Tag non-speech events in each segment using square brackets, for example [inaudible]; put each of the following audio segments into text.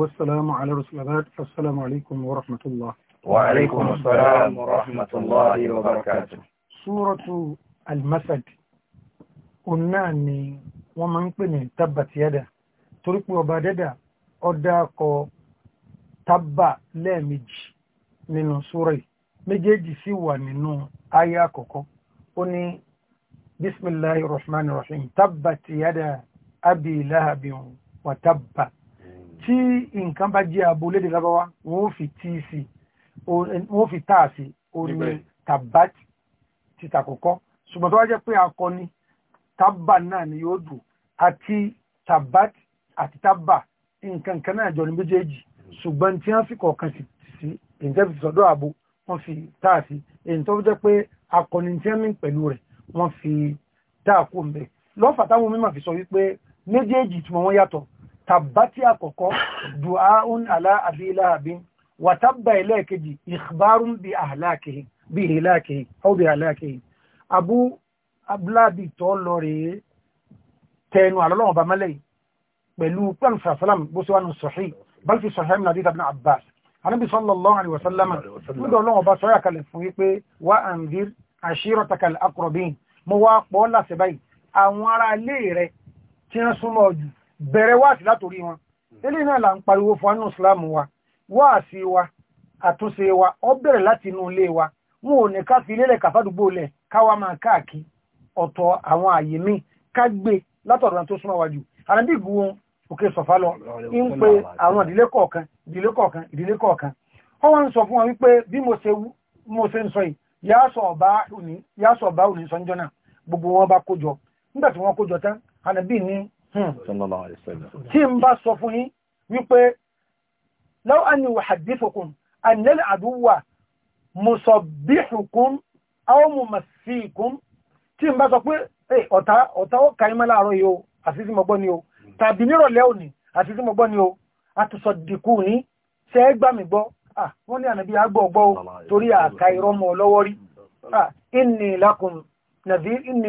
والسلام على رسول الله السلام عليكم ورحمة الله وعليكم السلام ورحمة الله وبركاته سورة المسد قلنا أني ومن قلنا تبت يده torípé ọba dẹ́dà ọdá akọ tábà lẹ́ẹ̀mejì nínú súrẹ̀ méjèèjì sì wà nínú ayé àkọ́kọ́ ó ní bismillahi rahman rahim tábà ti yada abi lahabin wa tábà tí nǹkan bá jẹ́ abo lédè lábáwá wọ́n fi tí sí wọ́n fi táà sí oní tabat ti tàkọ́kọ́ ṣùgbọ́n tó wá jẹ́ pé akọni tábà náà ni yóò dùn àti tabat àti tábà nǹkan kan náà jọ ní méjèèjì ṣùgbọ́n tí wọ́n fi kọ̀ọ̀kan sí ìjẹ́bi sọ́dọ̀ abo wọ́n fi táà sí èyí tó jẹ́ pé akọni tí wọ́n mí pẹ̀lú rẹ̀ wọ́n fi táà kú mbẹ́ lọ́fà táwọn mímọ̀ fi sọ wípé méjèèjì tí wọ́n yàtọ̀ tàbátí àkọ́kọ́ du'aun ala abi lahabin wà tábà ẹlẹ́ẹ̀kejì ìkbárún bí àhàlákìí bí ìhìlákìí ó bí àhàlákìí abu abúláàbì tó lọ rèé tẹnu àlọ́lọ́wọ̀n bá mẹ́lẹ̀ pẹ̀lú pẹ̀lú sàfàlám bó sí wánu sọ̀hí balfi sọ̀hí min hadith ibn abbas anábi sallallahu alaihi wasallam nígbà ọlọ́wọ̀n bá sọ́yà kalẹ̀ fún àwọn ará ilé rẹ̀ tí wọ́n súnmọ́ jù bẹ̀rẹ̀ wáàsí látòrí wọn ilé náà là ń pariwo fún anú islam wa wáàsí wa àtúnṣe wa ọ bẹ̀rẹ̀ láti inú ilé wa wọn ò ní ká fi ilé kàfádùgbò lẹ̀ káwa máa káàkiri ọ̀tọ̀ àwọn àyè míì ká gbé látọ̀dọ̀ tó súnmọ́ wájú àrẹ́bí ìgbóhun òkè sọ̀fà lọ ń pe àwọn ìdílé kọ̀ọ̀kan ìdílé kọ̀ọ̀kan ìdílé kọ̀ọ̀kan wọ́n wá ń sọ fún wọn wípé bí mo ṣe ń sọ yìí ọba òní náà gbogbo wọn bá kójọ nígbà tí kójọ Hmm. tí n bá sọ fún yín wípé law anni uhaddithukum anna al-aduwwa musabbihukum aw mumassikum tí n bá sọ pé eh, ọ̀tá ó kàí mẹ́lá àárọ̀ yóò àti tí mo gbọ́ ni o tàbí nírọ̀lẹ́ òní àti tí mo gbọ́ ni o àtùsọ̀dìkù ní ṣe é gbà mí gbọ́ wọ́n ní ànàbí agbọ̀gbọ́ torí àkà ìrọmọ̀ lọ́wọ́ rí bẹ́ẹ̀ni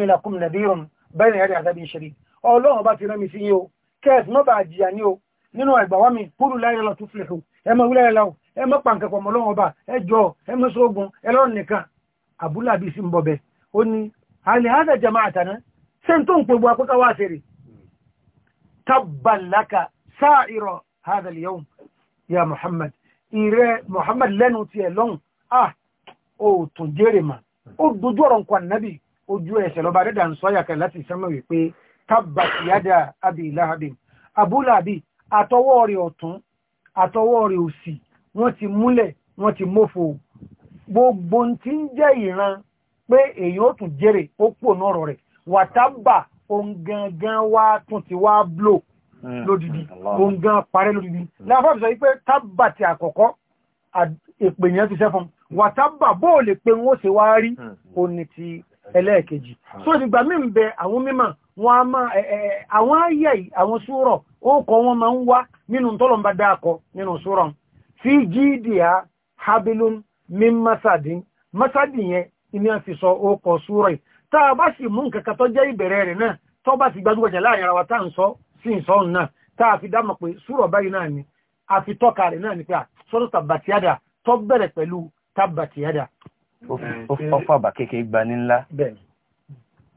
ẹ̀rẹ́ àdábí ṣeré ọlọ́run bá ti rán mi sí yín o kẹ́ẹ̀t mọ́ bá jìyà ní o nínú ẹgbàwá mi kúrú láyé lọ tún fìlẹ̀ ẹ mọ wílẹ̀ lọ ẹ mọ pàǹkẹ́pọ̀ mọ́ lọ́wọ́ bá ẹ jọ ẹ mọ sóògùn ẹ lọ́rùn nìkan àbúlà bíi sí ń bọ̀ bẹ́ ó ní alẹ́ hádà jama àtàná ṣé n tó ń pogbo apẹ́ká wá sí rè tabbalaka sáà ìrọ̀ ya Muhammad ìrẹ́ Muhammad lẹ́nu tiẹ̀ lọ́hùn ah ó tún jẹ́rè mà ó dojú ọ̀rọ̀ nǹkan nàbì ojú ẹsẹ̀ lọ́ba dẹ́dà ń sọ yàkẹ́ láti sẹ́mọ̀ wípé tábàtì yádà àbí ìlàhàbì abúlàbí àtọwọ́ rẹ̀ ọ̀tún àtọwọ́ rẹ̀ òsì wọ́n ti múlẹ̀ wọ́n ti mófo gbogbo tí ń jẹ́ ìran pé èyí ó tún jèrè ó pò náà rọ̀ rẹ̀ wàtábà ohun gangan wá tún ti wá blò hmm. lódìdí ohun gan parẹ́ lódìdí láfàbí sọ wípé tábàtì àkọ́kọ́ èpèyàn ti sẹ́fọn wàtábà bóò lè pe wọ́n ṣe wá rí òní hmm. ti ẹlẹ́ẹ̀kejì hmm. so ìgbà mí ń bẹ àwọn mímọ̀ wọn a máa àwọn ayé yìí àwọn súrọ̀ ó kọ wọn máa ń wá nínú tọ́lọ̀mbá dáàkọ nínú súrọ̀ fi jíìdì ha habilun min masadin masadin yẹn ni a fi sọ ó kọ súrọ̀ yìí tá a bá sì mú nǹkan kan tó jẹ́ ìbẹ̀rẹ̀ rẹ̀ náà tó bá sì gbajúgbajà láàrin ara wa ń sọ sí ìsọ náà tá a fi dámọ̀ pé súrọ̀ báyìí náà ni a fi tọ́ka rẹ̀ náà ni pé à sọ́dọ̀ tàbàtíyàdà tó bẹ̀rẹ̀ pẹ̀lú tàbàtíyàdà. ó fọ àbà kékeré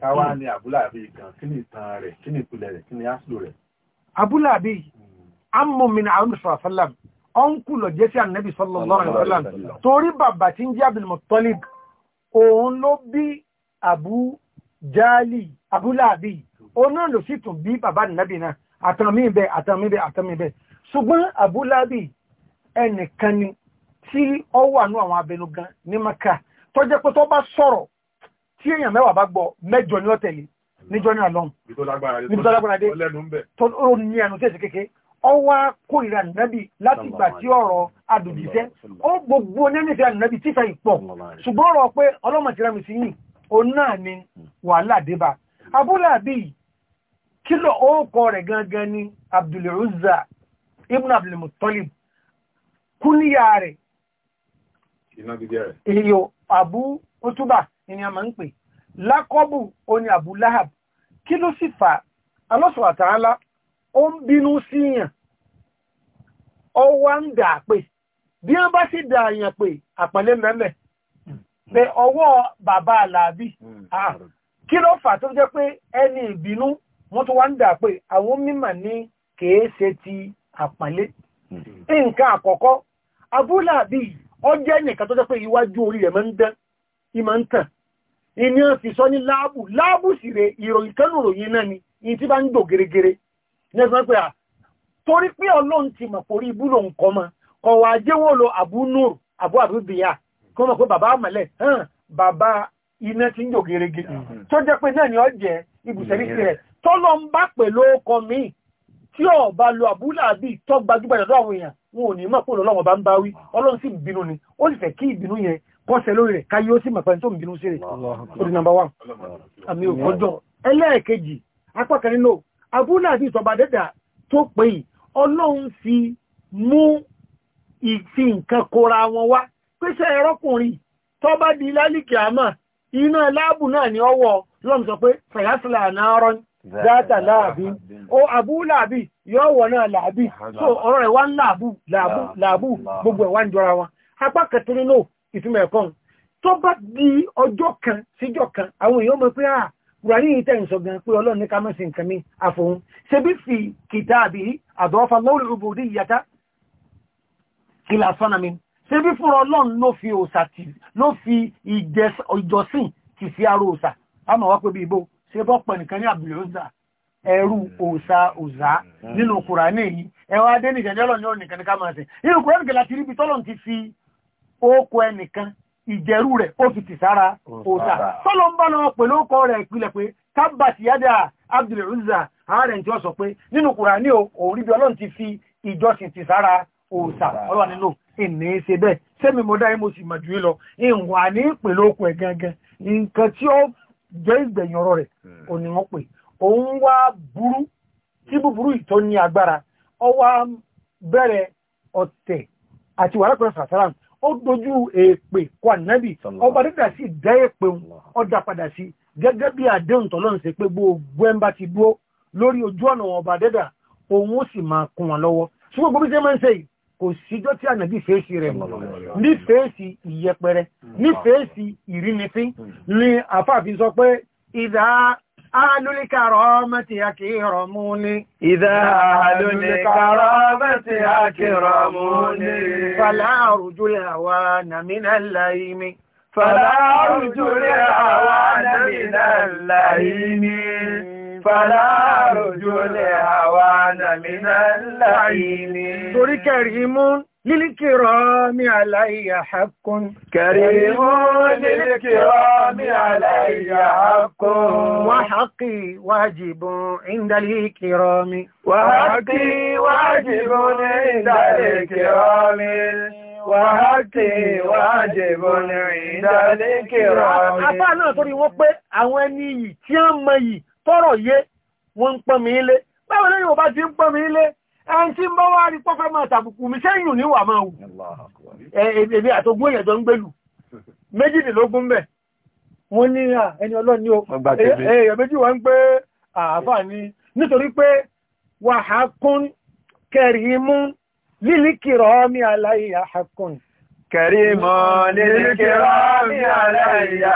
káwá hmm. ní abúláàbí gan kí ni ìtàn rẹ̀ kí ni ìpìlẹ̀ rẹ̀ kí ni áṣìlò rẹ̀. abúláàbí hmm. amúmin àwọn ìfàfàlàm ọ̀nkù lọ jẹ́ sí ànábì sallallahu alaihi wasallam torí bàbá tí ń jẹ́ Abdul Muttalib òun ló bí Abu Jali abúláàbí òun náà ló sì tún bí bàbá ànábì náà àtàmì bẹ àtàmì bẹ àtàmì bẹ ṣùgbọ́n abúláàbí ẹnìkan ni tí ó wà ní àwọn abẹnugan ní Maka tó pé tó bá sọ̀rọ̀ tí èèyàn mẹ́wàá bá gbọ́ mẹ́jọ ní ọ̀tẹ̀lẹ̀ ní àlọ́m níbi tó lágbára dé tó ó ní ẹnu tí kéke ọwá kó ìrà nìnábì láti ìgbà tí ọ̀rọ̀ adùnjíṣẹ́ ó gbogbo onínífẹ́ ànìnábì tífẹ́ ìpọ̀ ṣùgbọ́n ọ̀rọ̀ pé sí òun náà ni wàhálà rẹ̀ gangan ni ibn kúníyà ni a ń pè lákọ́bù Abu kí ló sì fà Allah subhanahu wa ó ń bínú síyàn ó wá ń dà pé bí wọ́n bá sì dà àyàn pé àpẹẹlẹ mẹ́mẹ́ pé ọwọ́ bàbá aláàbí hmm. kí ló fà tó jẹ́ pé ẹni ìbínú wọ́n tó wá ń dà pé àwọn mímọ̀ ní ti àpẹẹlẹ hmm. nǹkan àkọ́kọ́ nìkan tó jẹ́ pé iwájú orí ìní ọ̀ fi sọ ní láàbù láàbù sì rẹ̀ ìròyìn naani ròyìn náà ni in tí bá ń dò gẹ́gẹ́rẹ́ nẹ́sàn pé à torí pé ọlọ́run ti mọ̀ forí ibú ló ń kọ́ mọ́ hàn bàbá iná ti ń dò gẹ́gẹ́ mm-hmm. tó jẹ́ pé náà ni ọ jẹ́ ibùsẹ̀rí tirẹ̀ ń bá tí bá lo àbúlà bí tọ́ gbajúgbajà lọ́wọ́ èèyàn wọn ò ní mọ̀ pé kọ́sẹ̀ lórí rẹ̀ káyí ó sì mọ̀ pẹ̀lú tó ń bínú sí rẹ̀ orí nàmbà wà àmì òkòjọ́ ẹlẹ́ẹ̀kejì apákan abúlé àti ìtọba dẹ́dà tó pè ọlọ́run fi mú ìfi nǹkan kóra wọn wá pèsè tó bá di lálìkì àmà iná láàbù náà ní ọwọ́ lọ́n sọ pé fẹ̀yásílà náà rọ́n láàbí ó láàbí yóò wọ̀ náà láàbí ọ̀rọ̀ rẹ̀ wá ń láàbù láàbù gbogbo ẹ̀ wá ń jọra wọn ìtumọ̀ ẹ̀kọ́ tó bá di ọjọ́ kan síjọ́ kan àwọn èèyàn mọ̀ pé à kùránì yìí tẹ̀ ń sọ gan pé ọlọ́run ní ká mọ̀ sí nǹkan mi àfòun ṣe bí fi kìtà àbí àdọ́fà lọ́wọ́ ìrúbòdì ìyàtá ìlà sọ́nà mi ṣe bí fúnra ọlọ́run ló fi òòṣà tì ló fi ìjọsìn tì sí ara òòṣà àmọ́ wá pé bí ibo ṣe bọ́ pẹ̀ nìkan ní àbúlé ẹrú òòṣà òòṣà nínú kùránì yìí ẹwà adé nìjẹ́jẹ́ ọlọ́run ní ọ̀nìkan ní ká máa sìn nínú kùránì kẹlá ti ríbi tọ́lọ́run ti fi ókọ ẹnìkan ìjẹrú re ó fi tì sára tọ́lọ ń bá lọ pẹ̀lú ókọ rẹ̀ ìpìlẹ̀ pé kábàtì yádà Abdul ààrẹ tí ó sọ pé nínú Kùránì òun rí ti fi ìjọsìn tì sára òòsà nínú ìní ṣe bẹ́ẹ̀ sẹ́mi mọ́dá yìí mo sì mọ̀ jù lọ ìwà ní ẹ̀ gangan nǹkan tí ó jẹ́ ìgbẹ̀yìn ọ̀rọ̀ rẹ̀ hmm. wọ́n pè òun wá burú tí búburú ìtọ́ ní agbára bẹ̀rẹ̀ ọ̀tẹ̀ àti wàhálà pẹ̀lú ó dojú èèpè kọ ànábì ọba dídà sí dá èèpè ọdà padà sí gẹ́gẹ́ bí àdéhùn tọ́lọ́ ń ṣe pé gbogbo ẹ̀ ń bá ti dúró lórí ojú ọ̀nà ọba dẹ́dà òun ó sì máa kún wọn lọ́wọ́ ṣùgbọ́n gbogbo ṣe máa ń ṣe yìí kò síjọ́ tí ànàbí fèsì rẹ̀ mọ̀ ní fèsì ìyẹpẹrẹ ní fèsì ìrínifín ní àfáàfin sọ pé ìdá أهل الكرامة أكرموني إذا أهل الكرامة أكرموني فلا أرجو الهوان من اللئيم فلا أرجو الهوان من اللئيم Fàlá àròjò lè àwọn àmì náà láìní. Torí kẹrì mú للكرام علي حق كريم للكرام علي حق وحقي واجب عند الكرام وحقي واجب عند الكرام وحقي واجب عند الكرام apá náà torí wọ́n pé àwọn ẹni yìí tí wọ́n mọ yìí tọ́rọ̀ yé wọ́n ń ẹn tí ń wá rí pọ́fẹ́ máa tàbùkù mi sẹ́yìn níwà máa wù èmi àtogún èèyàn jọ ń gbèlú méjìdínlógún bẹ̀ wọ́n ní ẹni ọlọ́ni o èèyàn méjì wọ́n ń pé àáfà ni nítorí pé wàhákún kẹrìmú lílíkìrọ̀ mi aláìyá hákún kẹrìmú mi aláìyá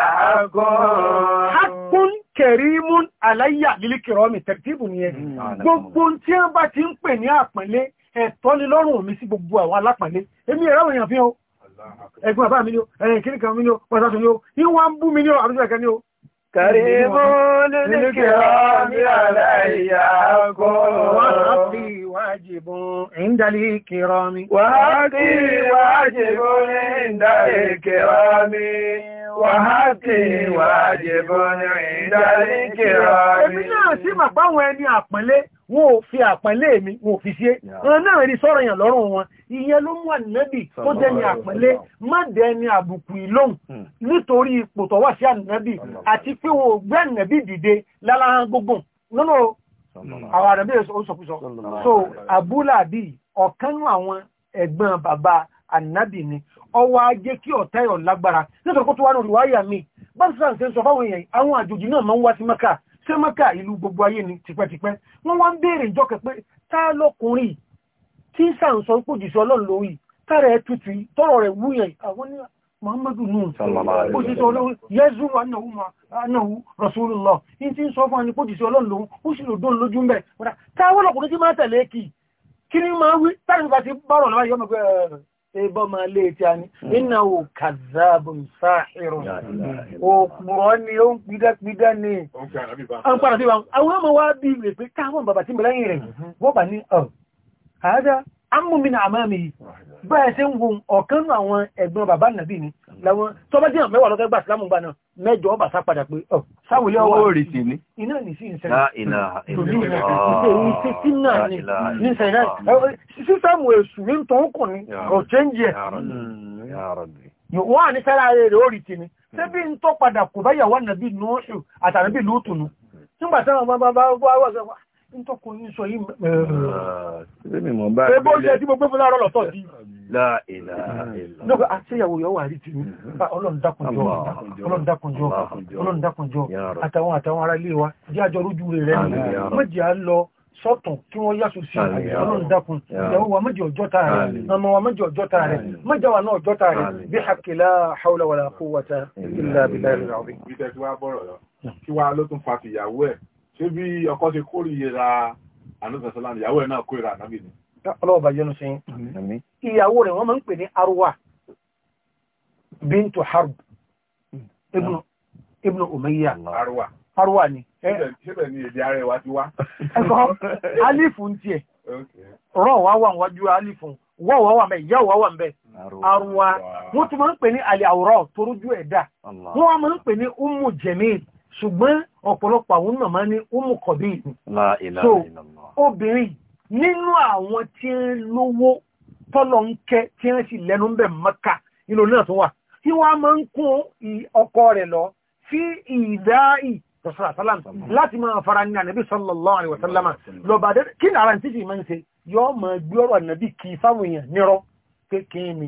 kẹ̀rímún aláyà lílíkìrọ́mì tẹ̀tíbù ni ẹ hmm. ah, gbogbo tí wọ́n bá ti ń pè ní àpẹ̀lé ẹ̀tọ́ ni lọ́rùn mi sí gbogbo àwọn alápẹ̀lé èmi ẹ̀ráwọ̀ èèyàn ẹgbùn àbá mi ni ó ẹ̀yìn kíríkan mi ni ó pàtàkì mi ni ó ìwọ̀n ń bú mi ni ó àbújá kan ni ó كريم للكرام علي أكون وحقي واجب عند الكرام وحقي واجب عند الكرام وحقي واجب عند ni èmi náà sí màpáwọn ẹni àpọ́nlé wọn fi àpọ́nlé mi wọn ò fi ṣe wọn náà rí sọ́rọ̀ yàn lọ́rùn wọn ìyẹn ló mú ànábì tó dẹni àpẹẹlẹ má dẹni àbùkù ìlóhùn hmm. nítorí ipò tó wà sí ànábì àti pé wọn ò gbé ànábì dìde láláhán gbogbo nínú àwọn ànábì ó sọkúsọ so abúlàbí ọ̀kanú àwọn ẹ̀gbọ́n bàbá ànábì ni ọwọ́ ajé kí ọ̀tá ẹ̀ lágbára nítorí kó tó wá lórí wáyà mi bá ti sàn ṣe ń sọ fáwọn èèyàn àwọn àjòjì náà máa ń wá sí mẹ́kà ṣé mẹ́kà ìlú gbogbo ayé ni tipẹ́tipẹ́ wọ́n wá ń béèrè ìjọ pé tá lọkùnrin tí sàǹsọ pòjìṣọ́ ọlọ́run lórí tára ẹ tutù tọ́rọ rẹ̀ wúyẹ̀ àwọn ní Muhammadu nùn pòjìṣọ́ ọlọ́run yẹ́zù anáwú Rasulullah in ti ń sọ fún ẹni pòjìṣọ́ ọlọ́run lòun ó sì lò dóòn lójú mẹ́ táwọn tí máa tẹ̀lé kì kí ni máa wí táwọn ìgbà tí bọ́rọ̀ lọ́wọ́ máa lé a hmm. iná wò ni ó ń àwọn ọmọ bí هذا عم من عمامه bẹ́ẹ̀ sí ń wo ọ̀kan nù àwọn ẹ̀gbọ́n bàbá nàbí ni láwọn tó bá dínà mẹ́wàá lọ́gbẹ́gbà sílámù bá náà mẹ́jọ ọba sá padà pé ọ sáwòlé ọwọ́ orí sí ni iná ní sí ìṣẹ́ sísẹ́mù èṣù rí tó ń kùn ní ọ̀chẹ́njẹ́ wọ́n ní sára rẹ̀ orí ti ni hmm. ṣé bí n tó padà kò bá yàwó nàbí nù àtàrà bí lóòtù nù nígbà sáwọn bá bá bá wà ntọ́kùnrin sọ yìí mẹ́rẹ̀ ẹgbẹ́ oúnjẹ tí mo gbé fún láàárọ̀ lọ́tọ̀ sí lọ́gbà àṣeyàwó yọ wà rí ti ọlọ́ndakunjọ́ ọlọ́ndakunjọ́ àtàwọn àtàwọn ará ilé wa jẹ́ àjọ rójú rẹ̀ méjì á lọ sọ́tàn kí wọ́n yásù sí ọlọ́ndakun ìyàwó wa méjì ọjọ́ tàà rẹ̀ ọmọ wa méjì ọjọ́ tàà rẹ̀ méjì wa náà ọjọ́ tàà rẹ̀ bí hakila haula wala quwwata illa billahi ṣé bí ọkọ ṣe kórìíra ànúsàsálà ìyàwó ẹ̀ náà kórìíra ànábì ni. ọlọ́ọ̀bà yẹnu ṣe ń ìyàwó rẹ̀ wọ́n máa ń pè ní arwa bintu harb ibnu ibnu umayya arwa ni. síbẹ̀ ni èdè ara ẹ̀ wá ti wá. ẹ̀kọ́ alifu ń tiẹ̀ rọ̀ wá wà wájú alifu wà mẹ́ wà mẹ́ wọ́n tún máa ń pè ní àwòrán torójú ẹ̀dá umu jẹ̀mí ṣùgbọ́n ọ̀pọ̀lọpọ̀ àwọn màmá ní umukọ̀bí ni. so obìnrin nínú àwọn tí ń lówó tọ́lọ ń kẹ́ tí ń sì lẹ́nu bẹ̀ mọ́ka nínú náà tó wà tí wọ́n máa ń kún ọkọ rẹ̀ lọ sí ìdáì rasulallah láti máa fara ní ànàbí sallallahu alaihi wasallam lọ́ba dé kí ni ara ti fi máa ń ṣe yọ máa gbé ọ̀rọ̀ ànàbí kì í fáwọn èèyàn nírọ́ kékeré ni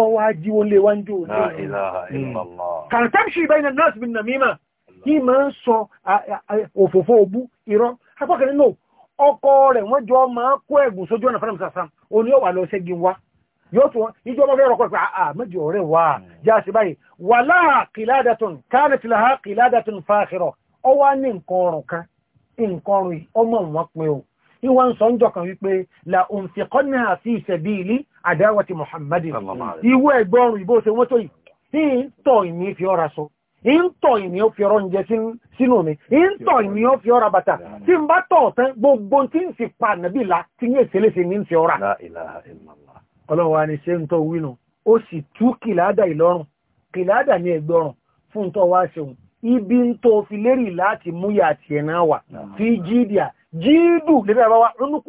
ọwọ́ ajíwọlé wájú òní. kàrìtẹ́mṣì bẹ́ẹ̀ náà sì bí nàmímà yìí máa ń sọ òfófó òbú irọ́ apákan nínú ọkọ rẹ̀ wọ́n jọ máa kó ẹ̀gùn sójú ọ̀nà fẹ́ràn sàsán òní ọ̀wà lọ ṣẹ́gi wa yóò tún ìjọ ọmọ fẹ́ràn ọkọ̀ pé àà méjì ọ̀rẹ́ wa hmm. já sí báyìí wà láà kìládàtún káàdàtì láà kìládàtún fàákìrọ̀ ọ wá ní nǹkan ọrùn kan nǹkan ọrùn ọmọ wọn pé o ìwà ń sọ ń jọ kan wípé la òǹfìkọ́nà àti ìntọ̀ ìní ó fi ọ̀rọ̀ ń jẹ sínú mi ìntọ̀ ìní ó fi ọ̀rọ̀ bàtà tí ń bá tọ̀ ọ̀tán gbogbo tí ń sì pa nàbí ìlà tí ní èsèlè sí ní ti ọ̀rà. ọlọ́wà ni ṣé ń tọ́ wínú ó sì tú kìláàdà ìlọ́rùn kìláàdà ní ẹgbọ́rùn fún tọ́ wá ṣeun ibi ń tó fi lérí láti múyà àti ẹ̀nà wà fi jídìà jídù lẹ́gbẹ̀rẹ̀ bá wá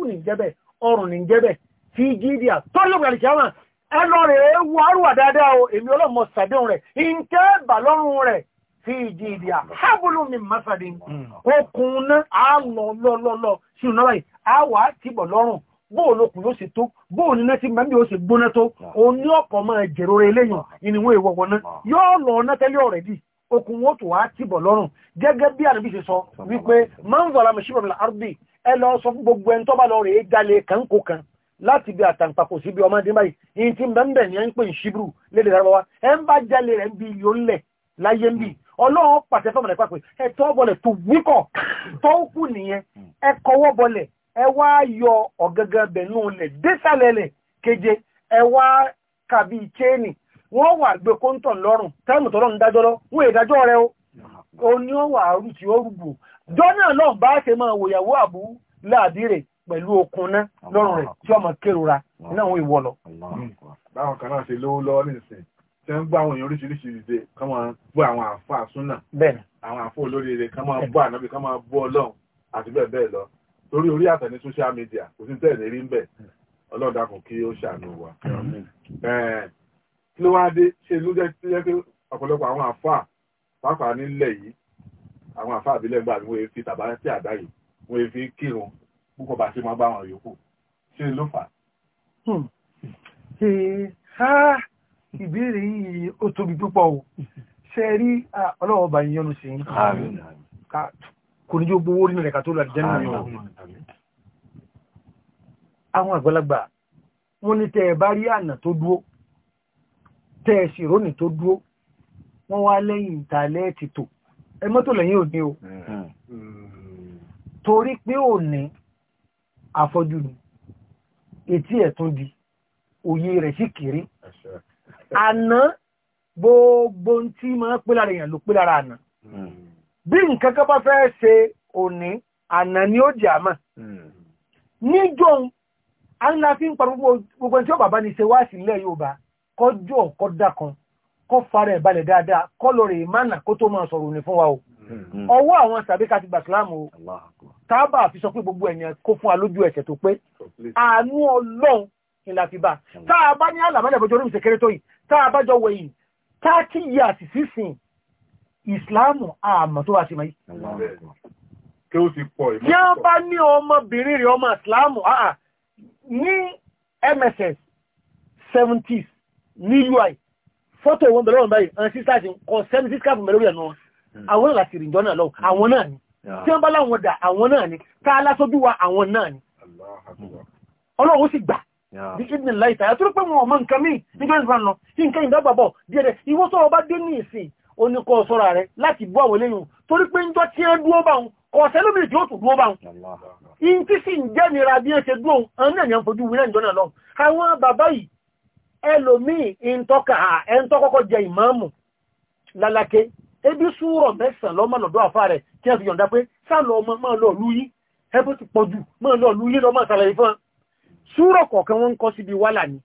ní jẹ́bẹ̀ ọrùn ní jẹ́bẹ̀ fi jídìà tọ́lọ́gbẹ̀rẹ̀ ẹlọ rẹ̀ ewu arúwà dáadáa o èmi ọlọ́mọ sàdéhùn rẹ̀ ìǹkẹ́ bàlọ́rùn rẹ̀ fi ìjì ìdí àhábùlù mi mọ́sàdé hmm. okùn náà á lọ lọ́lọ́lọ́ sí ìnáwó yìí á wà á tìbọ̀ lọ́rùn bóò lókùn yóò ṣe tó bóò ní náà tí mẹ́bí yóò ṣe gbóná tó òun ní ọ̀pọ̀ máa jèrò rẹ̀ eléyàn ìníwọ̀n ìwọ̀wọ̀ náà yóò lọ ọ̀nà tẹ́lẹ̀ ọ̀rẹ́dì okùn wọn tó wá tìbọ̀ lọ́rùn gẹ́gẹ́ bí àrùbí ṣe sọ wípé manzala mẹ́ṣíbọ̀mìlà ardi ẹ lọ sọ fún gbogbo ẹni tó bá lọ rèé jalè kàńkó kan láti bí àtàǹpàkò sí bí ọmọ dín báyìí yìí tí bẹ́ẹ̀ ni ẹ ń pè ní ṣíbrù lédè lárúbáwá ẹ ń bá jalè rẹ̀ bí yóò ń lẹ̀ láyé ń bì ọlọ́run pàṣẹ fún ọmọdé pàpẹ ẹ tọ́ tó wíkọ̀ tó kù nìyẹn ẹ kọwọ́ yọ ọ̀gẹ́gẹ́ bẹ̀ nù lẹ̀ désàlẹ̀lẹ̀ keje ẹ wá kàbí chéènì wọ́n wà gbé kóńtọ̀ lọ́rùn táìmù pẹ̀lú okun náà lọ́rùn rẹ̀ tí ọmọ kérora iná àwọn ìwọ lọ. Hmm. báwọn kan náà ṣe lówó lọ́wọ́ nísìnyí tí wọ́n ń gbọ́ àwọn èèyàn oríṣiríṣi ìdè kán máa bú àwọn àfa súnà àwọn àfa olóríire kán máa bú ànábì kán máa bú ọlọ́run àti bẹ́ẹ̀ bẹ́ẹ̀ lọ torí orí àtẹ̀ ní social media kò sí tẹ̀lé rí ń bẹ̀ ọlọ́run dákun kí ó ṣàánú wa. kí ló wáá dé ṣe ló jẹ́ kí ọ̀pọ̀lọpọ̀ àwọn àfa pàápàá nílẹ̀ yìí àwọn àfa àbílẹ̀ gbà ni wọ́n fi tàbá sí àdá yìí wọ́n fi kírun púpọ̀ bá ṣe máa bá wọn yòókù ṣe ló fà á. Hmm. ìbéèrè yìí ó tóbi púpọ̀ o ṣe rí ọlọ́wọ́ bá yín yọ́nú sí i kò ní jó gbowó orí rẹ̀ tó lọ àdìjẹ́ nínú àwọn àgbàlagbà wọ́n ní tẹ́ bá rí àná tó dúó tẹ́ sì rónì tó dúó wọ́n wá lẹ́yìn ìtàlẹ́ ti tò ẹ mọ́tò lẹ́yìn òní o hmm. Hmm. torí pé òní afọ́jú ni etí ẹ̀ tún di òye rẹ̀ sì kéré àná gbogbo tí máa pé lára èèyàn ló pé lára àná hmm. bí nǹkan kan bá fẹ́ ṣe òní àná ni ó jẹ́ àmà hmm. níjọ́ a ń la fi ń pa gbogbo tí ó bàbá ní ṣe wá sílẹ̀ Yorùbá kọjọ́ kọ́dà kan kọ́ fara ẹ̀ balẹ̀ dáadáa kọ́ lọ kó tó máa sọ̀rọ̀ òní fún wa o. Mm. Hmm. ọwọ́ àwọn sàbí ká ti gbà sílámù o tábà fi sọ pé gbogbo ẹ̀yàn kó fún wa lójú ẹsẹ̀ tó pé àánú ọlọ́run ìlà hmm. tá a bá ní àlàmọ́lẹ̀ bọ́jọ́ orí ìṣẹ̀kẹ́rẹ́ tó yìí tá a bá jọ wẹ̀ yìí táàkì yìí àṣìṣì sìn ìsìláàmù àmọ́ tó wá sí máa yìí. kí a ti pọ̀ ìmọ̀ tí wọ́n bá ní ọmọbìnrin rẹ̀ ọmọ ìsìláàmù ní mss seventies ní ui fọ́tò wọn bẹ̀rẹ̀ wọn báyìí àwọn sisters kọ seventy scarf mẹ́lórí náà Hmm. àwọn náà láti rìnjọ́ náà lọ hmm. àwọn náà ni tí wọ́n bá láwọn dà àwọn náà ni ká aláṣọ́jú wa àwọn náà ni ọlọ́run sì gbà bí kidney láìta àtúrò pé wọn ọmọ nǹkan míì nígbà ìfà lọ kí nǹkan ìdábà bọ̀ díẹ̀ díẹ̀ ìwọ sọ̀rọ̀ bá dé ní ìsìn oníkọ́ sọ́ra rẹ̀ láti bú àwọn eléyìn torí pé ń jọ tí ẹ dúó bá wọn ọ̀sẹ̀ lómìnir tí ó tún dúó bá wọn in tí sì ń jẹ́ nira bí ẹ ṣe dúó ọ̀nà ìyàn fojú wí náà lọ àwọn bàbá yìí ẹlòmíì ń tọ́kọ̀kọ́ jẹ ìmáàmù lálákẹ́ ebi súrọ̀ mẹ́sàn lọ́mọ lọ́dọ́ àfá rẹ̀ kí ẹ fi yọ̀nda pé sáàlọ ọmọ máa lọ lúyí ẹbí ti pọ̀ jù máa lọ lúyí lọ máa sàlẹ̀ ìfán súrọ̀ kọ̀ọ̀kan wọ́n ń kọ́ síbi wàhálà ni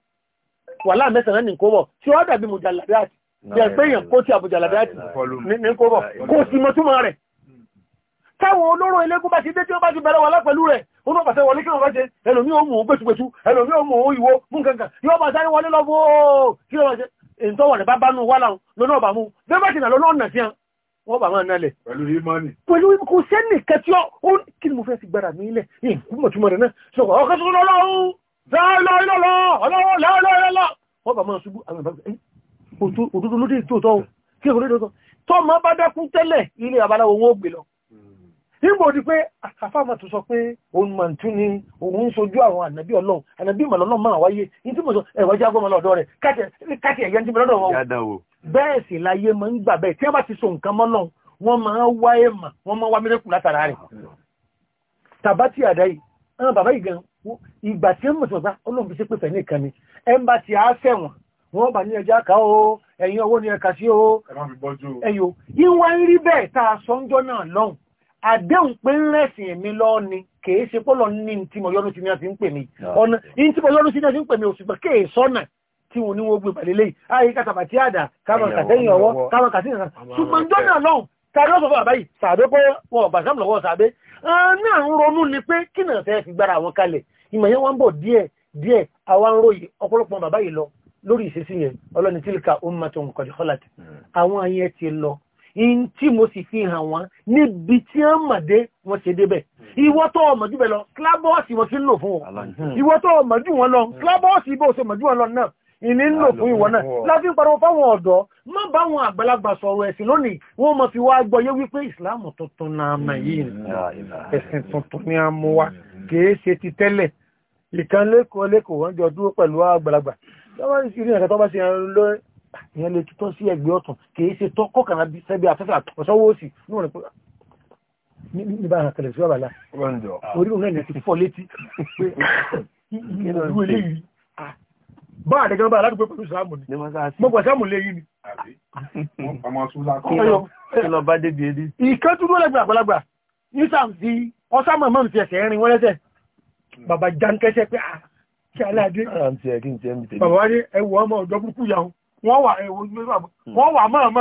wàhálà mẹ́sàn náà ní kó bọ̀ tí ó dàbí mùjàlábíàtì bí ẹgbẹ́ èèyàn kó ti àbùjàlábíàtì ní kó bọ̀ kó sì mọ túmọ̀ rẹ̀ táwọn olóró elégún bá ti dé tí ó bá ti bẹ̀rẹ̀ wà lápẹ̀lú rẹ̀ ó náà pàṣẹ wọlé kí wọ́n bá ṣe ẹlòmí ó mú un gbẹ̀tùgbẹ̀tù ẹlòmí ó mú un ìwó mú nǹkan kan yóò bá sáré wọlé lọ́gbọ́n kí wọ́n bá ṣe ìtọ́wọ̀ rẹ̀ bá bá nú wálà lónà ọ̀bà mú bẹ́ẹ̀ bá ti nà lónà ọ̀nà sí àn wọ́n bá máa nálẹ̀. pẹ̀lú ìmọ̀ni. pẹ̀lú kò sẹ́nì kẹtí ó kí ni mo fẹ́ fi gbára mi lẹ̀ ìgbìmọ̀túmọ̀ rẹ̀ náà sọ̀kọ̀ ọkọ̀ tó lọ́lọ́run wọ́n bá máa ṣubú àwọn ìbá òdúdó lóde ìtòótọ́ kí èkó nígbò di pé àfáàmà tó sọ pé òun mà tún ni òun sojú àwọn ànàbí ọlọ́run ànàbí ìmọ̀lọ́ náà máa wáyé ní tí mo sọ ẹ̀wọ́ jẹ́ agbọ́mọ lọ́dọ̀ rẹ̀ káàkiri ẹ̀yẹ́ ti lọ́dọ̀ wọn. bẹ́ẹ̀ sì láyé máa ń gbà bẹ́ẹ̀ tí wọ́n bá ti so nǹkan mọ́ náà wọ́n máa ń wá èèmà wọ́n máa ń wá mílẹ̀kù látara rẹ̀. tàbá tí àdá yìí àwọn bàbá yìí gan ìgbà tí mo sọ̀tà ọlọ́run fi ṣépè fẹ̀ ní ìkànnì ẹ̀ ń bá ti á sẹ̀wọ̀n wọ́n bá ní ẹja ká o ẹ̀yin owó ni ẹ̀ka sí o ẹ̀yọ́ ìwọ̀n rí bẹ́ẹ̀ tá a sọ ń jọ náà àdéhùn pé ń rẹ̀sìn èmi lọ ni kèé ṣe pọ́lọ̀ ní tí mo yọ́nú sí ní àti ń pè mí ah, ọ̀nà in tí mo yọ́nú sí ní àti ń pè mí òṣùgbọ́n kèé sọ́nà tí wọ́n ní wọ́n gbé pẹ̀lẹ́ lẹ́yìn ayé kàtàbà tí àdá káwọn kàtẹ́yìn ọwọ́ káwọn kàtẹ́yìn ọwọ́ ṣùgbọ́n jọ́nà lọ́hùn tàbí ọ̀sọ̀ fún àbáyì sàbẹ́ pé wọn ọ̀gbà sáàmù lọ́wọ́ sàbẹ́ náà ń ronú ni pé kí náà hmm. àwọn kalẹ̀ ti lọ in tí mo sì fi hàn wọ́n níbi tí a mọ̀ dé wọ́n ṣe débẹ̀. Hmm. ìwọ tó ọmọ jù bẹ̀ lọ klábọ́ọ̀sì wọ́n ti ń lò fún ọ hmm. ìwọ tó ọmọ jù wọn lọ klábọ́ọ̀sì hmm. bó ṣe mọ̀ jù wọn lọ náà ìní ń lò fún ìwọ náà láti ń pariwo fáwọn ọ̀dọ́ má bá wọn àgbàlagbà sọ̀rọ̀ ẹ̀sìn lónìí wọ́n mọ̀ fi wá gbọ́yé wípé ìsìláàmù tuntun náà mà yìí ẹ̀sìn tuntun ni a mú wa kìí ṣe ti tẹ́lẹ̀ ìkan lẹ́kọ̀ọ́ lẹ́kọ̀ọ́ wọ́n jọ dúró pẹ̀lú àgbàlagbà ìyẹn lè tutọ́ sí ẹgbẹ́ ọ̀tún kìí ṣe tọ́ kọ́kànlá bí sẹ́gbẹ́ afẹ́fẹ́ ọ̀ṣọ́wọ́ òsì níwọ̀n pé níbà àkàlẹ̀ sí ọ̀bàlá orí òun ẹ̀nà ti fọ́ létí pé ìlú eléyìí bá àdẹ́gán bá aládùúgbò pẹ̀lú sàmù ni mo pẹ̀ sàmù léyìí ni. ìkan tún lọ́lẹ̀ gbàgbàlagbà ní sàǹfì mọ́ fi ẹ̀sẹ̀ rin wọ́n lẹ́sẹ̀ bàbá jankẹ́sẹ̀ ah, wọ́n wà ẹ̀wọ̀n eh, wọ́n wà hmm.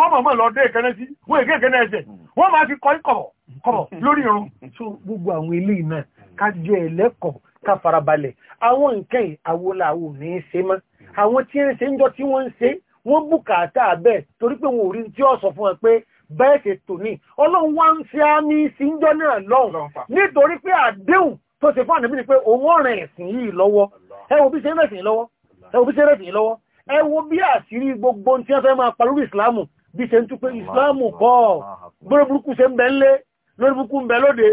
wọ́n mọ̀ọ́mọ̀ lọ dé ìkẹ́nẹ́ sí wọ́n èké ìkẹ́nẹ́ ẹ̀jẹ̀ hmm. wọ́n máa fi kọ́ hmm. lórí irun. so gbogbo àwọn eléyìí náà ká jẹ ẹlẹ́kọ̀ọ́ ká farabalẹ̀ àwọn nǹkan yìí àwọn ò àwọn tí tí wọ́n ń ṣe wọ́n bẹ́ẹ̀ torí pé wọn ò rí tí ó sọ fún pé bẹ́ẹ̀ tò ní ọlọ́run ẹ wo bí àṣírí gbogbo tí wọ́n fẹ́ máa parúrú ìsìláàmù bí ṣe ń tú pé ìsìláàmù kọ́ gbọ́rọ̀ burúkú ṣe ń bẹ ńlé lórí burúkú ń bẹ lóde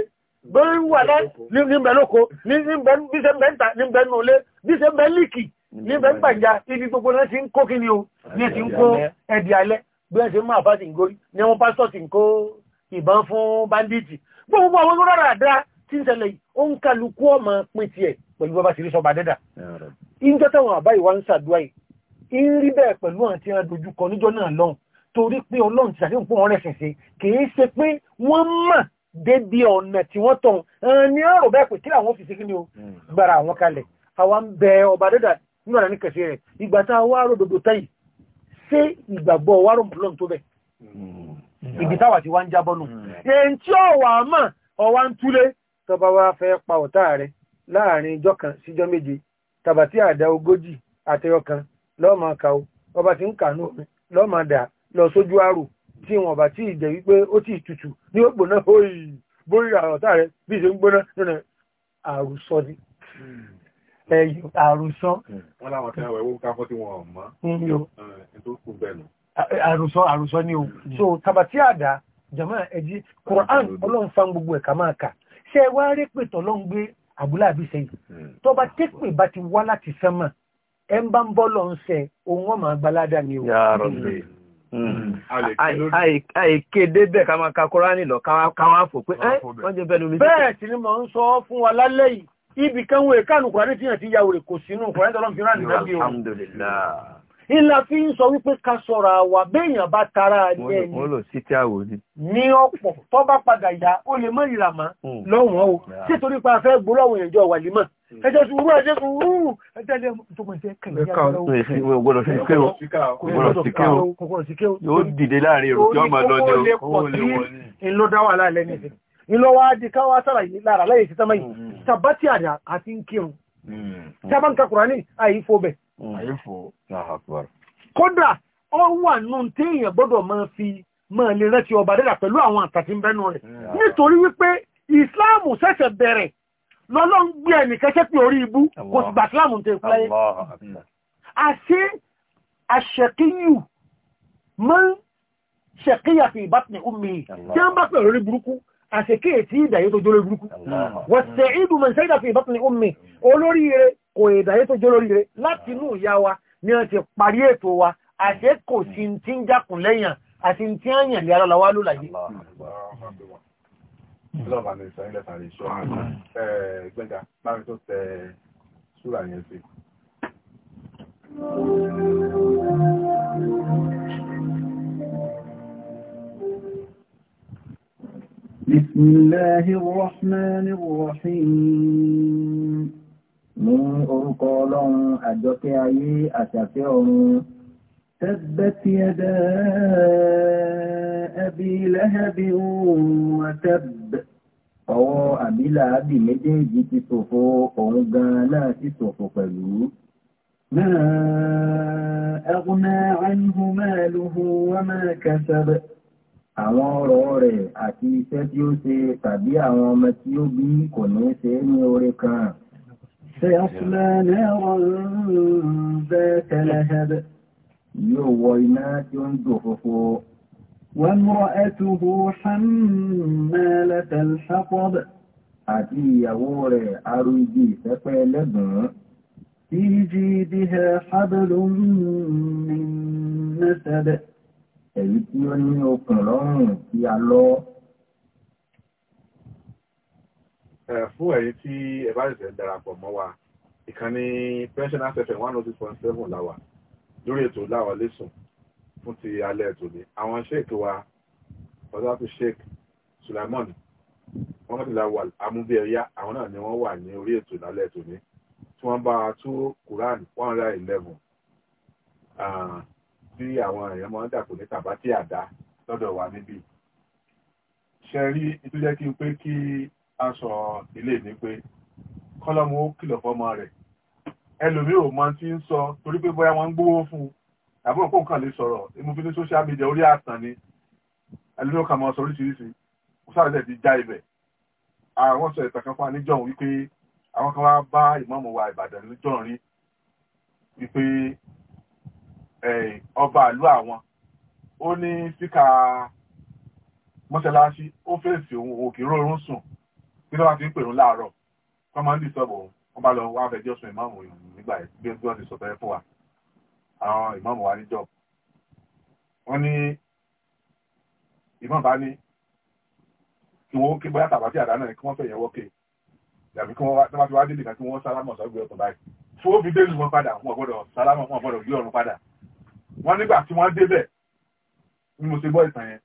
gbọ́rọ̀ wà lá ní bẹ lóko ní bí ṣe ń bẹ ńta ní bẹ nulẹ̀ bí ṣe ń bẹ líkì ní bẹ gbàjà ibi gbogbo náà ń kó kí ni o ní ti ń kó ẹ̀dì alẹ́ bí wọ́n ṣe máa bá ti ń gorí ní àwọn pásítọ̀ ti ń kó ìbọn fún báńdíìtì gbogbo àwọn olórà dá tí ń ṣẹlẹ̀ yìí ó ń kálukú ọmọ pín tiẹ̀ pẹ̀lú bàbá sí rí sọba dẹ́dà. ìjọ ń rí bẹ́ẹ̀ pẹ̀lú àwọn tí wọ́n dojú kọ níjọ́ náà lọ́hùn torí pé ọlọ́run ti ṣàdéhùn pé wọ́n rẹ̀ ṣẹ̀ṣẹ̀ kìí ṣe pé wọ́n mà débi ọ̀nà tí wọ́n tọ̀ ní ọ̀rọ̀ bẹ́ẹ̀ pé kí làwọn fi ṣe kí ni o hmm. gbára àwọn kalẹ̀ àwa ń bẹ ọba dẹ́dà nínú àná ní kẹsì rẹ̀ ìgbà tá a wá ròdòdó táyì ṣé ìgbàgbọ́ wa rò mùlọ́n tó bẹ̀ ìgbì hmm. táwà ti wá ń jábọ́ nù èyí hmm. tí ó wà á mà ọwá ń túlé tọba wa fẹ́ pa ọ̀tá rẹ̀ láàrin ijọ́ kan síjọ́ méje tàbátí àdá ogójì àtẹyọ kan lọ́ọ̀mà kàó ọba tí ń kà ní omi lọ́ọ̀mà dà lọ sójú àrò tí wọn bá tí ì jẹ́ wípé ó tí ì tutù ní òpó náà oyi bóyá ọ̀tá rẹ bí ìṣe ń gbóná nínú àrùsọ ni hmm. ẹ̀yìn àrùsọ. Hmm. wọ́n láwọn tí wọ́n wọ́n káfọ́ tí wọ́n mọ́ hmm, àrùsọ àrùsọ ni o so tabati àdá jama ẹjí Quran ọlọ́run fa gbogbo ẹ̀ka máa kà ṣé ẹ wá rí pé tọ́lọ́ ń gbé àbúlà àbí sẹ́yìn tọ́ba tẹ́pẹ̀ bá ti wá láti sánmà ẹ ń bá ń bọ́ lọ ń sẹ òun wọn máa gbalada ni o. yàrá rẹ àìkéde bẹ́ẹ̀ ká máa ka kúránì lọ ká wá fò pé ẹ́ wọ́n jẹ́ bẹ́ẹ̀ lómi. sì ni mò ń sọ fún wa lálẹ́ yìí ibì kan wo ìkànnì kúránì tí yàn ti yà wòrè sínú kúránì tó lọ́n fi rán nígbà bí o. alhamdulillah ìlà fi ń sọ wípé ká sọ̀rọ̀ àwà béèyàn bá tara jẹ́ ni ní ọ̀pọ̀ tó bá padà ìyá ó lè mọ́ ìràmá hmm. lọ́wọ́n o sí torí pa fẹ́ gbọ́lọ́wọ́ ìjọ wà lè mọ́ hmm. ẹjọ́ sùúrù ẹjọ́ sùúrù ẹjọ́ lè tó mọ̀ sí ẹkẹ̀ yóò dìde láàrin èrò tí ọmọ lọ ní ọwọ́ ìlọ́wọ́ adì káwà sára yìí lára láyé sí sámáyì hmm. tàbátì àdà àti ń kírun tábánkà kùránì àyífò bẹ̀ àyẹ̀fọ́. Mm. kódà ó wà nù téèyàn gbọ́dọ̀ máa fi máa lè rántí ọba dẹ́dà pẹ̀lú àwọn àtàtì ń bẹ́nu rẹ̀ mm, nítorí wípé ìsìláàmù ṣẹ̀ṣẹ̀ bẹ̀rẹ̀ lọ́lọ́ ń gbé ẹnìkan ṣépè orí ibú kò sì gbà síláàmù tẹ̀ fúláyé. àṣé àṣẹkíyù máa ń ṣẹ̀kíyà fi ìbátan omi tí wọ́n bá pè lórí burúkú àṣekíyè tí ìdàyé tó jó lórí burúkú wọ́n ṣe ìdùnmọ̀ ìṣẹ́yà fi ìbátan omi olóríire kò èdàyé tó jẹ́ lóríire láti inú ìyá wa ni wọ́n ti parí ètò wa àṣẹ kò sí tí ń jákùn lẹ́yìn àti tí ń yàn lé alọ́lọ́wà ló láyé. بسم الله الرحمن الرحيم ní orúkọ ọlọ́run àjọkẹ́ ayé àṣàkẹ́ ọ̀run tẹ́gbẹ́tì ẹ̀dẹ́ ẹbí lẹ́hẹ́bí ohun ẹ̀tẹ́bẹ̀ ọwọ́ àbílàábì méjèèjì ti ṣòfò òun gan-an náà ti ṣòfò pẹ̀lú náà ẹ̀kúnná ẹ̀yìnhù mẹ́ẹ̀lúhu wọ́n mẹ́ẹ̀ àwọn ọ̀rọ̀ rẹ̀ àti iṣẹ́ tí ó ṣe tàbí àwọn ọmọ tí ó bí kò ní ṣe é ní oore kan. سيصلى نارا ذات لهب يغويناك ينزفه وامرأته حمالة الحطب أتي يغوري أرجي سفلد في جيبها حبل من نسب أيتي أن يقلون في الله Eh, fún ẹ̀yin tí ẹ bá ṣẹ̀ṣẹ̀ darapọ̀ mọ́ wa ìkànnì pensioners fm one hundred oh point seven la wà lórí ètò láwọn lẹ́sùn fún ti alẹ́ ètò ní àwọn sheik wa ọ̀dọ́tún sheik sulaimon wọn ti la wà amúbíẹ̀yà àwọn náà ni wọ́n wà ní orí ètò lálẹ́ ètò ní tí wọ́n bá tú quran one hundred eleven tí àwọn èèyàn máa ń dàpọ̀ ní tàbátì àdá lọ́dọ̀ wa níbí ṣe rí ìtújẹ́ kí n pé kí aṣọ ilé ní pé kọ́lọ́mù ó kìlọ̀ fọ́mọ rẹ̀ ẹlòmí ò mọ tí ń sọ torí pé bóyá wọ́n ń gbówó fún un àbí wọn kò kàn lè sọ̀rọ̀ ìmúfi ní social media orí àtàn ni ẹlòmí ò kà máa sọ oríṣiríṣi kò sáré ti já ibẹ̀ àwọn sọ ìtàn kan fún aníjọ́hún wípé àwọn kan wá bá ìmáàmù wa Ìbàdàn níjọ́hún rí wípé ọba ìlú àwọn ó ní síkà mọ́ṣáláṣí ó fèsì òun òkè rọrùn sùn kí ló wá fi ń pèrún láàárọ̀ wọ́n máa ń dìsọ́bù wọ́n bá lọ wá abẹ́jọ́ sùn ìmáàmù nígbà bí wọ́n ti sọ̀tọ̀ ẹ̀ fún wa àwọn ìmáàmù wa níjọ́ wọ́n ní ìmáàmù bá ní kí wọ́n kí bóyá tàbátì àdánà kí wọ́n fẹ̀ yẹn wọ́kè kí wọ́n tó bá ti wá kí wọ́n sálámọ̀ sọ́gbé ọ̀tọ̀ báyìí tí ó fi délé wọn padà wọn gbọ́dọ̀ sálámọ̀ wọn gbọ́dọ̀ yí ọ̀run padà wọ́n nígbà tí wọ́n débẹ̀ ni mo ṣe gbọ́ ìtàn yẹn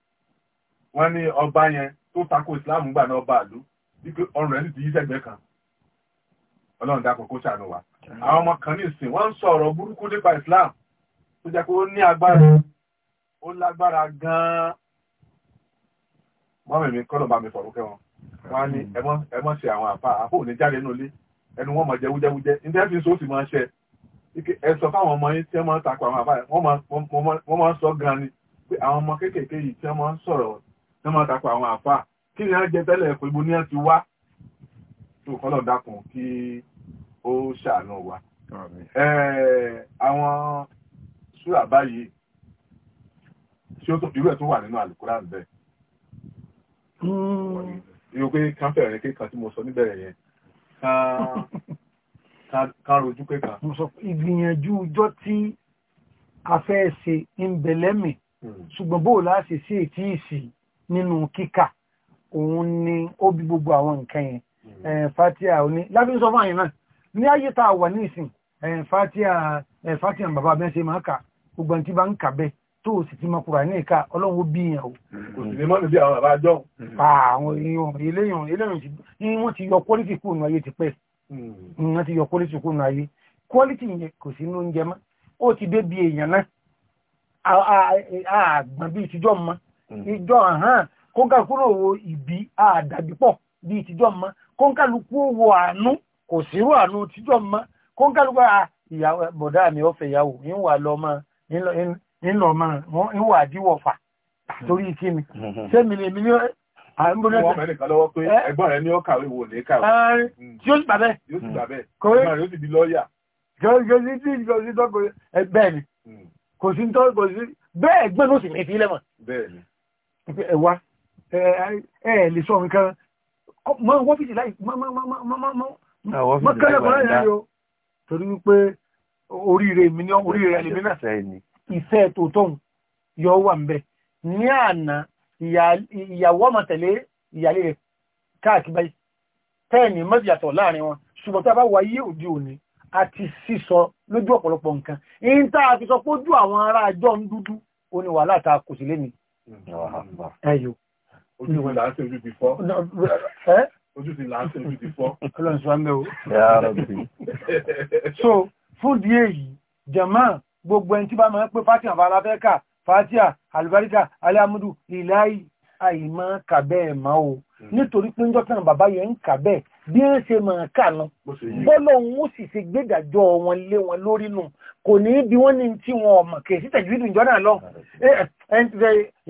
wọ́n ní ọba yẹn tó tako ìsìláàmù gbà náà bá àlú wípé ọrùn rẹ̀ sì ti yí sẹ́gbẹ́ kan ọlọ́run dákun kó ṣàánú wa àwọn ọmọ kan ní ìsìn wọ́n ń sọ ọ̀rọ̀ burúkú nípa Islam tó jẹ́ pé ó ní agbára ó lágbára gan-an mọ́mí mi kọ́lọ̀ bá mi fọ̀rọ̀ kẹ́wọn wọ́n á ní ẹmọ́ ṣe àwọn àpá àpò òní jáde nínú ilé ẹnu wọn mọ̀ jẹ́wújẹ́wújẹ́ ní tẹ́fí ń sọ́ọ̀sì máa ń ṣe ẹ sọ fáwọn ọmọ yín tí wọ́n máa ń takò àwọn àpá wọ́n máa ń sọ gan-an ni pé àwọn ọmọ kéékèèké yìí tí wọ́n máa ń sọ̀rọ̀ tí wọ́n máa ń takò àwọn àpá kí ni a jẹ tẹ́lẹ̀ pé mo ní ẹ ti wá tó kọ́ lọ́ọ́ dákun kí ó ṣàánú wa. àwọn súrà báyìí ṣé irú ẹ̀ tó wà nínú àlùkùránì bẹ́ẹ̀. Hmm. irú pé káfẹ́ rẹ̀ kéka tí mo sọ níbẹ̀rẹ̀ yẹn ká rojú pé ká. mo sọ ìgbìyànjú ọjọ́ tí a fẹ́ ṣe ń bẹ̀lẹ́mì hmm. ṣùgbọ́n bóòlù á sì sí nínú kíkà. òun ni ó bí gbogbo àwọn nǹkan yẹn fatia òní lábí sọ fún àyìn náà ní ayé tá a wà ní ìsìn fatia fatia bàbá bẹ́ẹ̀ ṣe máa kà gbogbo àti bá ń o sì ti máa kura ní ìka ọlọ́run ó bí yàn o. kò sì lè má bíbí àwọn bàbá jọ. àwọn èèyàn eléyàn eléyàn ti yọ quality kúrò ti pẹ́ wọ́n ti yọ quality kúrò nù ayé quality yẹn kò ti dé bí èèyàn náà ìtijọ́ kó ká kúrò wo ìbí àdàbí pọ̀ bí ìtijọ́ mọ́ kó ń kálukú wo àánú kò sírú àánú ìtijọ́ mọ́ kó ń kálukú à ìyàwó bọ̀dá mi ọ̀fẹ́ ìyàwó ń wà lọ́mọ ńlọ mọ ń wà díwọ̀ fà torí kí ni sẹ́mi lè mi ní àmúlẹ̀ wọ́n mẹ́rin kan lọ́wọ́ pé ẹ̀gbọ́n rẹ̀ ní ó kàwé wò lè kàwé. tí ó sì gbà bẹ́ẹ̀. yóò sì gbà bẹ́ẹ̀. kọ́wé yóò sì di lọ́ọ̀yà. gọ́sí tí gọ́sí tó kọ́ bẹ́ẹ̀ ni hmm. kò sí tó kò sí bẹ́ẹ̀ ẹ̀gbọ́n ló sì ní ìfilẹ̀ mọ̀. bẹ́ẹ̀ ni. ẹ wá ẹ lè sọ nǹkan mọ wọ́n fi láì mọ́kànlẹ̀ kọ́lá ìrìn ayò torí wípé oríire mi ní oríire alìmí náà ìfẹ́ tòótọ́hùn yọ wà ń bẹ ní àná ìyàwó ọmọ tẹ̀lé ìyàlẹ́ rẹ̀ káàkiri báyìí tẹ́ẹ̀ni mọ́síyàtọ̀ láàrin wọn ṣùgbọ́n tá a bá wà yí òdi òní àti sísọ lójú ọ̀pọ̀lọpọ̀ nǹkan in tá a fi sọ pé ojú àwọn ará àjọ ń dúdú ó ní wàhálà ta kò sí lé mi ẹ̀yọ́ ojú wọn là á sí ojú ti fọ́. ojú ti là á sí ojú ti fọ́. ọlọ́run sọ àmì o. so fún di èyí jama gbogbo ẹni tí bá máa ń pé fatia farafẹ́ka fatia alibarika aliamudu ilayi àìmọ́ kàbẹ́ẹ̀ máa o. Mhm. nítorí pé ń jọ́tàn bàbá yẹn ń kà bẹ́ẹ̀ bí ń ṣe máa kànú bọ́lọ̀ ń ó sì ṣe gbẹ́dàjọ́ wọn lé wọn lórí nù kò ní bí wọ́n ní tí wọn ọmọ kèsì tẹ̀jú ìdùnjọ́ náà lọ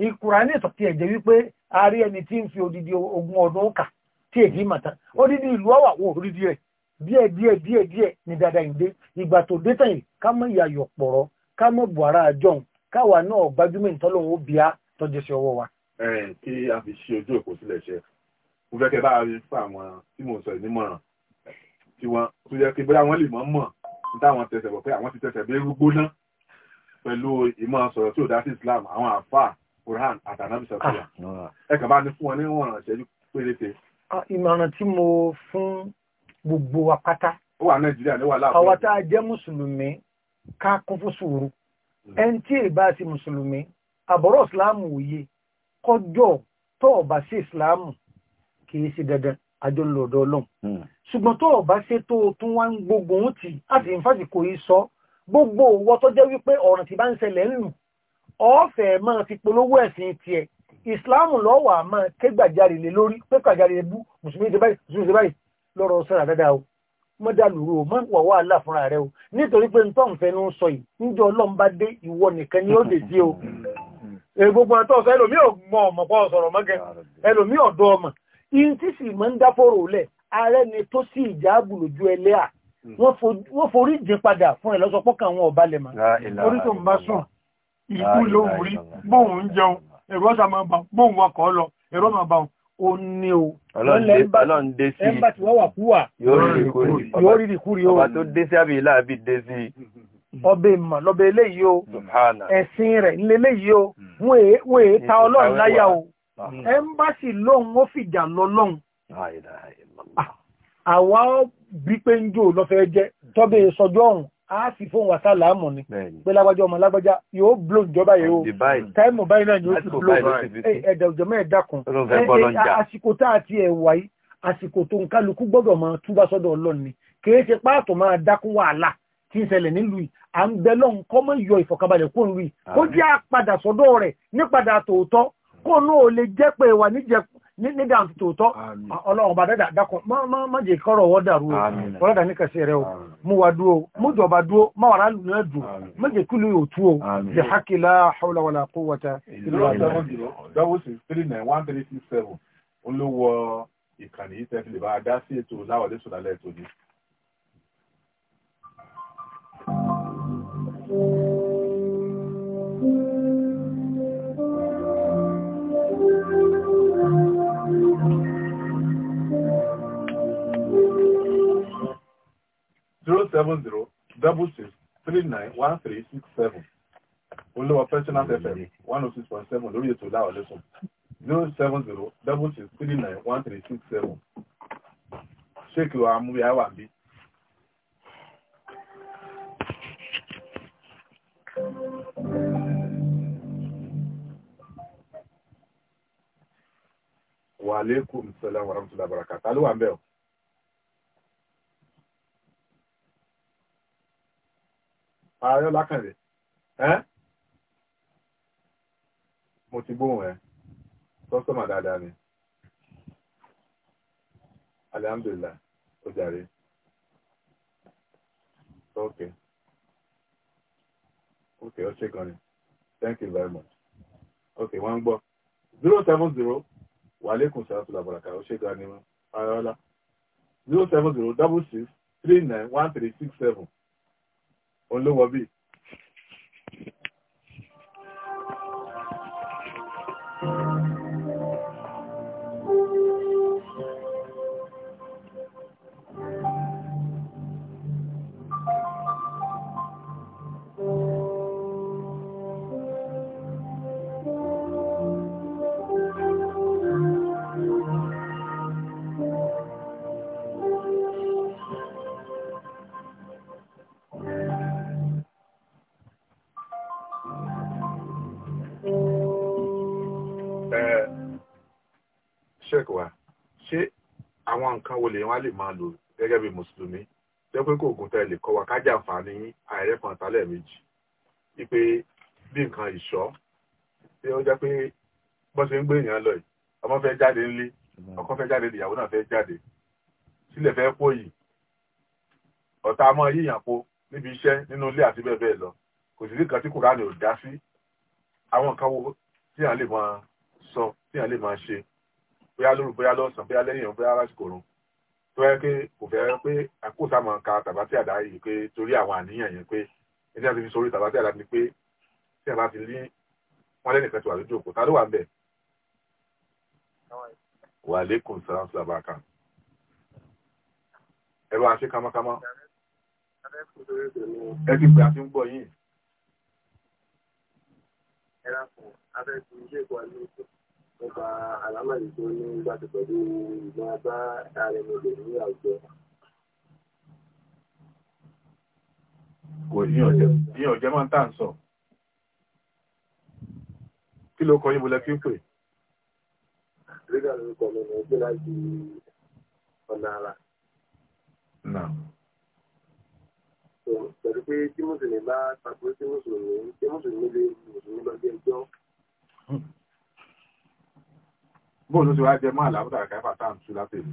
ìkùránì ìtọ̀tí ẹ̀jẹ̀ wípé ààrẹ ẹni tí ń fi odidi ogún ọdún kà tí èdè màtá odidi ìlú ọwà wò odidi rẹ̀ díẹ̀ díẹ̀ díẹ̀ díẹ̀ ní dáadáa ìdé ìgbà tó dé tàn yìí ká mọ ìyàyọ̀ pọ̀rọ̀ ká mọ buhara àjọun káwa náà gbajúmọ̀ ìtọ́lọ́wọ́ bíá tọ́jú sí ọwọ́ wa. ẹ kí a fi ṣe ojú òkú sílẹ̀ ṣe mo fẹ́ kẹ́ bá rí fún àwọn tí mo sọ ìnímọ̀ràn tí wọ́n tó yẹ kí bóyá wọ́n lè mọ̀ mọ̀ ní táwọn tẹsẹ̀ bọ̀ pé àwọn ti tẹsẹ̀ bí rúgbó náà pẹ̀lú ìmọ̀ sọ̀rọ̀ tí ò dá sí Islam àwọn àfà Quran àtànàbì sọ̀tìyà ah, ẹ kàn bá ní fún wọn ní wọn ìṣẹ́jú péréte. Ah, ìmọ̀ràn tí mo fún gbogbo wa pátá ó wà Nàìjíríà ní wà láàbọ̀ àwọn tá a jẹ́ mùsùlùmí ká kún fún sùúrù hmm. ẹni tí ìbá sí mùsùlùmí àbọ̀rọ̀ Islam òye kọjọ́ tó ọ̀bà sí Islam kì í ṣe dandan àjọ lọ́dọ̀ ọlọ́run hmm. ṣùgbọ́n tó ọba ṣe tó tún wá ń gbogbo ohun tí àti ìfàsì kò í sọ gbogbo owó tó jẹ́ wípé ọ̀ràn tí bá ń ṣẹlẹ̀ ń lù ọ̀fẹ́ máa fi polówó ẹ̀sìn tiẹ̀ ìsìláàmù lọ́wọ́ àmọ́ kégbàjarè lé lórí pé kàjarè bú mùsùlùmí ṣe báyìí mùsùlùmí ṣe báyìí lọ́rọ̀ sọ̀rọ̀ dáadáa o mọ́ dá lùrù o mọ́ wà wà láà fúnra rẹ o nítorí pé nítorí òun fẹnu sọ yìí níjọ ọlọ́run bá dé ìwọ nìkan ni ó lè dé o hmm. gbogbo àtọ́ sọ ẹlòmí ọ̀gbọ́n ọmọ pọ̀ sọ̀rọ̀ mọ́gẹ́ ẹlòmí ọ̀dọ́ ọmọ ihun tí sì máa ń dáfòrò lẹ̀ ààrẹ ni tó sí ìjáàbù lójú ẹlẹ́à hmm. wọ́n forí jẹ padà fún ẹ̀ lọ́sọpọ́ kan wọn ọ̀bá lẹ̀mọ́ orí tó ń bá sùn ikú ló ń rí bóun ń jẹun ẹ̀rọ ọ̀sà máa bá bóun wakọ̀ lọ ẹ̀rọ máa bá ó ní o ọlọ́run dé sí ẹ̀mbà tí wọ́n wà kúwà yóò rí ìkúrí o ọba tó dé sí àbí ilá àbí dé sí ọbẹ̀ ìmọ̀ lọ́bẹ̀ eléyìí o ẹ̀sìn rẹ̀ nílé eléyìí o hmm. wọ́n èé ta ọlọ́run láyà o ẹmbásì mm. lóhun ó fìjà lọ lọ́hun ah, àwa bí pé ń jò lọ́fẹ́ jẹ́ tọ́bẹ̀ sọjọ́ ọ̀hún a sì fún wàsá láàmù ni pé lágbájá ọmọ lágbájá yóò bló ìjọba yìí o táìmù báyìí náà yóò sì bló ẹ̀dà òjòmọ́ ẹ̀dá kan àsìkò tá àti ẹ̀wà yìí àsìkò tó ń kálukú gbọ́dọ̀ máa túbá sọ́dọ̀ ọlọ́run ni kì í ṣe páàtó máa dákún wàhálà tí ń ṣẹlẹ̀ nílùú yìí à ń bẹ lọ́hùn kọ́mọ yọ ìfọ̀kànbalẹ̀ kó ń rí kó jẹ́ àpadà sọ́dọ̀ rẹ̀ nípadà tòótọ́ kó ní ò lè jẹ́ pé wà nídà tòótọ́ ọlọ́run bá dẹ́dà dákọ̀ má jẹ́ kọ́rọ̀ ọwọ́ dàrú o ọlọ́dà ní kẹsẹ̀ rẹ o mú wa dúó mú jọba dúó má wà rálù náà dùn má jẹ́ kúlù yóò tú o lè hákìlá hawla wala quwwata ìlú àtàwọn olówó ìkànnì yìí tẹ́fì lè bá dá sí ètò láwọlé sọ̀dálẹ̀ tó ní. 070 66 39 1367 olówó personal fm 106.7 lórí ètò ìlà ọ̀lẹ́sùn 070 66 six 1367 ṣéèkì wa amúyá wà bí. Wa alaikum salaam wa rahmatullahi wa barakatuh. Ta ló wà ń bẹ̀ o? ààrẹ lákànlẹ̀ ẹ́ mo ti gbóhùn ẹ kọ́sọ́mà dáadáa ni alihamdulilah ó jàre ok ok ó ṣe gan ni thank you very much ok wọ́n ń gbọ́ zero seven zero wàlékún sàrátù làbàràkà ó ṣe gan ni ayọ́lá zero seven zero double six three nine one three six seven olówó bíi nǹkan wo lèyàn wá lè máa lò gẹ́gẹ́ bí mùsùlùmí jẹ́ pé kò ògùn tẹ́ lè kọ́ wa kájà àǹfààní àìrẹ́ kan tálẹ̀ méjì wípé bí nǹkan ìṣọ́ tí ó jẹ́ pé bọ́n ṣe ń gbé èèyàn lọ yìí ọmọ fẹ́ jáde ńlé ọkọ fẹ́ jáde ìyàwó náà fẹ́ jáde sílẹ̀ fẹ́ pò yìí ọ̀tá mọ́ yíyàn po níbi iṣẹ́ nínú ilé àti bẹ́ẹ̀ bẹ́ẹ̀ lọ kò sí nǹkan tí kùránì ò dá sí àwọn nǹkan wo tí lè máa sọ tí lè máa ṣe bóyá lóru bóyá lọ́sàn bóyá lẹ́yìn bóyá lásìkò rùn tó yẹ pé kò fẹ́ pé àkóso àmọ́ ka tàbátì àdá yìí pé torí àwọn àníyàn yẹn pé ẹni àti fi sórí tàbátì àdá ni pé tí a bá ti lé wọn lẹ́nu ìfẹ́ tó wà lójú òkú ta ló wà ń bẹ̀. wà á lékún sàrán sí àbá kan ẹ̀rọ àṣẹ kámákámá ẹ ti pè àti ń gbọ́ yìí. ẹ ra fún abẹ́kùn ilé ìwà nípa àlámọ̀lì tó ní gbàtọ̀ pẹ̀lú ìgbọ́n abá ààrẹ mọ̀lẹ̀ ní àwùjọ. kò yíyan ọ̀jẹ́ máa ń tà ń sọ kí ló kọ yín bolẹ̀ fi ń pè. rígà lórúkọ mi ní ẹgbẹ́ láti ọ̀nà ara. pẹ̀lú pé tí mùsùlùmí bá pàpọ̀ sí mùsùlùmí tí mùsùlùmí lè mùsùlùmí lọ bí ẹjọ́. Hmm bóòlù tí wá jẹ máa làbúdà káfà tá à ń tú láti ìlú.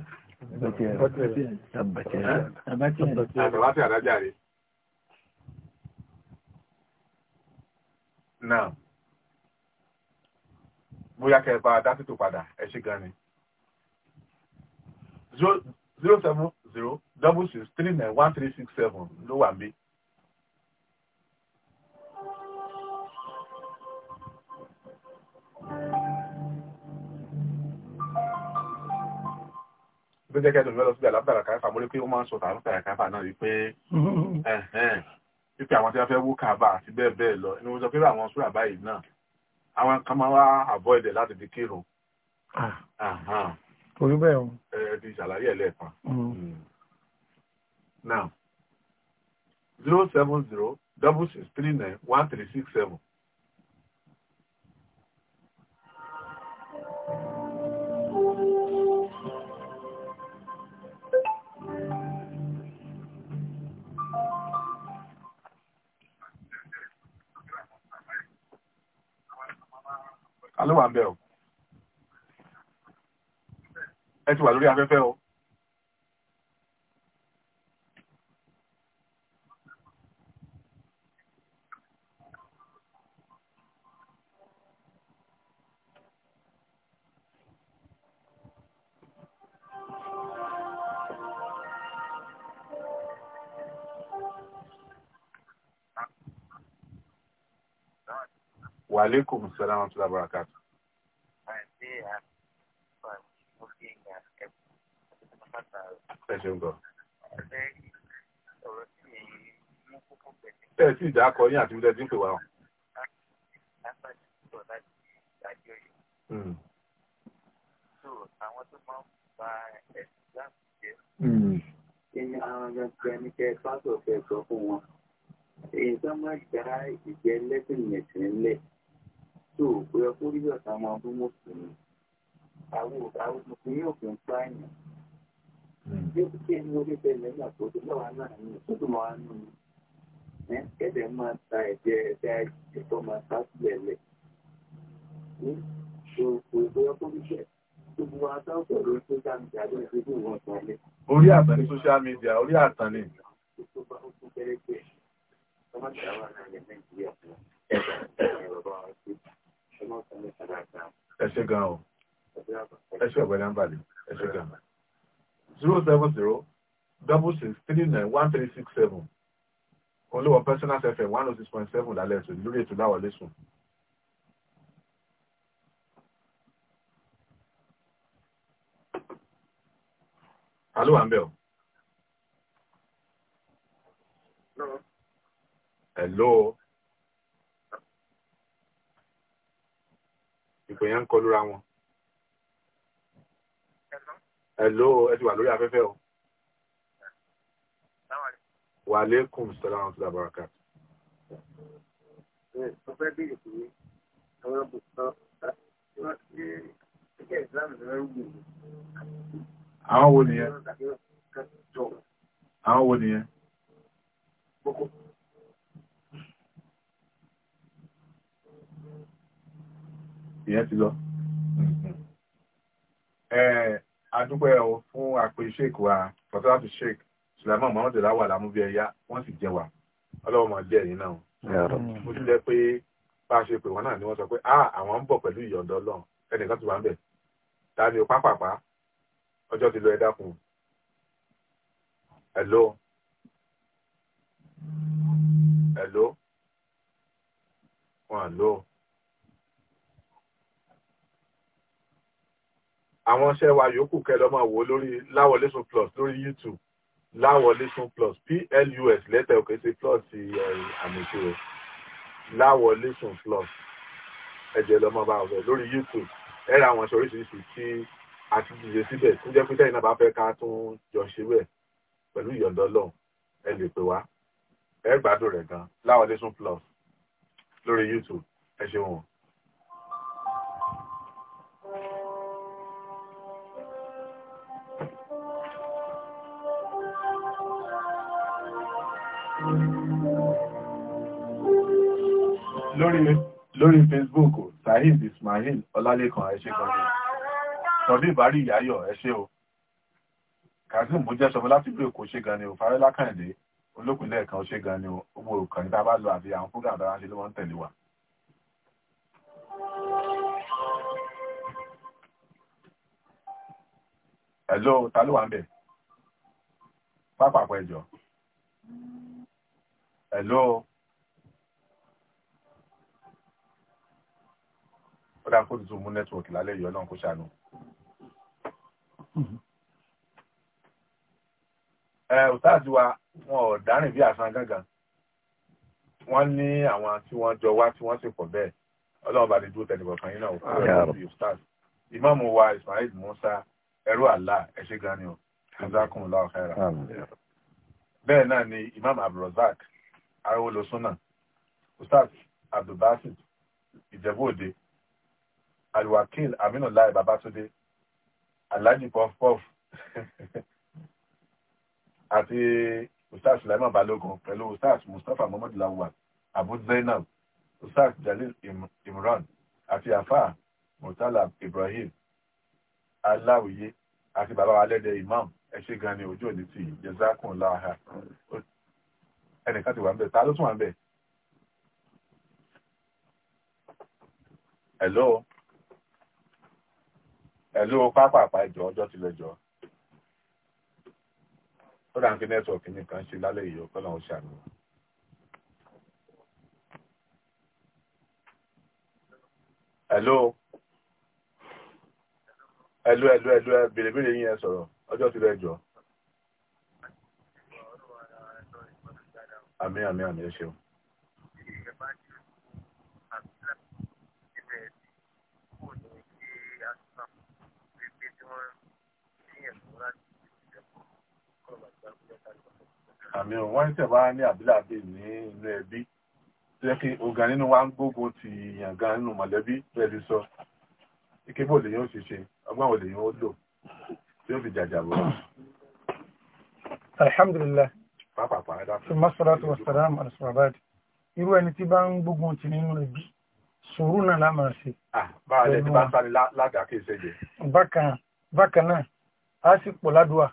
àtọ̀ láti àdájà rè. náà bóyá kẹ bá dá títò padà ẹ ṣe gan ni. zero seven zero double six three nine one three six seven ló wà mí. Thank you. tó jẹ́ kẹ́dùn lọ́dọ̀ síbi àlábàrà káfà mo rí pé ó máa ń sọ àlábàrà káfà náà wípé wípé àwọn tí wọ́n fẹ́ wó kàbà àti bẹ́ẹ̀ bẹ́ẹ̀ lọ ni mo sọ pé àwọn sùúrà báyìí náà àwọn kan máa wá avoid ẹ̀ láti di kírun. torí bẹ́ẹ̀ o. ẹ ti ṣàlàyé ẹ̀ lẹ́ẹ̀kan. Mm. Mm. now zero seven zero double six three nine one three six seven. alówà ń bẹ̀ o ẹ ti wà lórí afẹ́fẹ́ o. Wa alaikum salaam wa rahmatullahi wa barakatuh. Ẹ sì dá akọ yín àti ìdẹ́ tí ń pè wá. So, àwọn tó máa ń ba ẹ̀sìn láti jẹ́. Kí ni àwọn ọmọ ẹni kẹ́ pásọ̀ fẹ́ sọ fún wọn? Èyí tó máa dá ìjẹ́ lẹ́sìn ẹ̀sìn lẹ̀ tó o pé ọkọ rí ọ̀sán máa bú mùsùlùmí àwọn àwọn mùsùlùmí ò fi ń pa èèyàn bí ó kí ẹni orí bẹ́ẹ̀ lẹ́yìn àpòtò náà wà náà ní ìtọ́jú máa wà nù ní ẹ̀dẹ̀ máa ta ẹ̀jẹ̀ ẹ̀dá ẹ̀tọ́ máa ta sílẹ̀ lẹ̀ ní òkú ìgbé ọkọ ríṣẹ̀ gbogbo wa tó ń sọ̀rọ̀ ní social media ló ń ṣe ìwọ̀n sọ lẹ̀. orí àtàn ní social media orí àtàn ni. ọmọdé àwọn àgbẹ̀ ẹ ṣé gan o ẹ ṣé ọ̀gbẹ́ni àǹbàlẹ ẹ ṣé gan zero seven zero double six three nine one three six seven olówó personal fm one oh six point seven lálẹ́ ètò lórí ètò láwọlé sùn. Alo wa ń bẹ̀ o. Hello. ìpè yẹn ń kọlura wọn. Hello ẹ ti wà lórí afẹ́fẹ́ o. Wa alaikum salaam wa rahmatullahi wa barakatuh. Mo fẹ́ béèrè pé àwọn ọkùnrin kan wọ́n ṣe ẹgbẹ́ ìsìlámù lọ́wọ́ wù mí. Àwọn wo nìyẹn? Àwọn wo nìyẹn? ìyẹn ti lọ. adúpẹ́ ọ fún àpè sheik wa pọtàtù sheik sulaiman mohammed lawa lamubi ẹ̀yà wọ́n sì jẹ wà ọlọ́wọ́ máa jẹ́ ẹ̀yìn náà mo ti jẹ́ pé bá a ṣe pè wọ́n náà ni wọ́n sọ pé àwọn ń bọ̀ pẹ̀lú ìyọ̀ǹda ọlọ́run ẹnìkan ti wà ń bẹ̀ ta ni o pápápá ọjọ́ ti lọ ẹ dákun hello hello wọn lọ. àwọn iṣẹ́ wa yòókù kẹ́ lọ máa wò lórí láwọlésun plus lórí youtube láwọlésun plus plus lẹ́tẹ̀ òkè sí plus ti eh, àmì ìṣirò láwọlésun plus ẹ̀jẹ̀ lọ máa bá ọ̀rọ̀ lórí youtube ẹ̀rọ àwọn iṣẹ́ oríṣiríṣi tí a ti dìde síbẹ̀ tó jẹ́ pé tẹ́yìn náà bá fẹ́ ká tún jọ ṣe bẹ̀ pẹ̀lú ìyọ̀ǹda ọlọ́run ẹ lè pè wá ẹ gbádùn rẹ̀ gan láwọlésun plus lórí youtube ẹ ṣeun. lórí Facebook Saheed Ismail Ọlálékan ẹṣẹ́ gbọ́nà sọ̀bí ìbárí ìyáyọ̀ ẹṣẹ́ o Kazeem bó jẹ́ sọmọ láti bí òkú ṣe gan ni o Farẹ́lá Kàndé olókùnlẹ̀ kan ṣe gan ni o gbogbo òkàn ní tábà lọ àbí àwọn fúgà dára ṣe ló wọ́n tẹ̀lé wa Hello, ta ló wà ń bẹ̀? Pápá pẹ́jọ. Hello. ó dá kóòtù tó mú nẹ́tíwọ̀kì lálẹ́ yìí ọlọ́run kó ṣàánú. Mm-hmm. ẹ òtáàjú wa wọn ò dárìn bí àṣà gángan wọ́n ní àwọn tí wọ́n jọ wá tí wọ́n sì pọ̀ bẹ́ẹ̀ ọlọ́run bá lè dúró tẹ̀lé bọ̀kan yín náà ó fẹ́ẹ́ bí ustaz ìmáàmù wa Ismail Musa ẹrú àlá ẹ ṣé gan ni o jazakumullahu khairan bẹ́ẹ̀ náà ni imam abdulrasaq arówólosúnà ustaz abdulbasit ìjẹ́bú òde alwakil aminulayi babatunde alhaji pọfupọf [laughs] àti ustaz sulaiman balogun pẹ̀lú ustaz mustapha muhammad lawal abu zainab ustaz jalil imran àti afa murtala ibrahim aláwìyé àti bàbá wa lẹ́dẹ̀ imam ẹ ṣé gan ni ojú òní ti jẹ́zákùn laha ẹnìkan ti wà ń bẹ̀ ta ló tún wà ń hello ẹ̀lú pápá àpàjọ ọjọ́ ti lọ́jọ́ ó dà ń fi nẹ́tíwọ̀kì nìkan ṣe lálẹ́ yìí ọkọ náà ó ṣàmì. ẹ̀lú ẹ̀lú ẹ̀lú ẹ̀lú bèrèbèrè yín ẹ sọ̀rọ̀ ọjọ́ ti lọ́jọ́. àmì àmì àmì ẹ ṣeun. àmì wọ́n ń tẹ̀wá ní àbílàbí ní inú ẹbí tó yẹ kí oga nínú wa ń gbógun ti yàngá nínú mọ̀lẹ́bí bẹ́ẹ̀ sọ ìkébò lèyìn ó ṣe ṣe ọgbọ́n òlèyìn ó lò tí ó fi jàjà bọ́. alhamdulillah pápápá ẹ̀dá fún mi. masalatu wasalam alasabad irú ẹni tí bá ń gbógun ti nínú ẹbí sùúrù náà lá máa ṣe. báwa lẹ ti bá ń sáré ládàá kí n ṣe jẹ. bákan náà a sì pọ̀ ládùá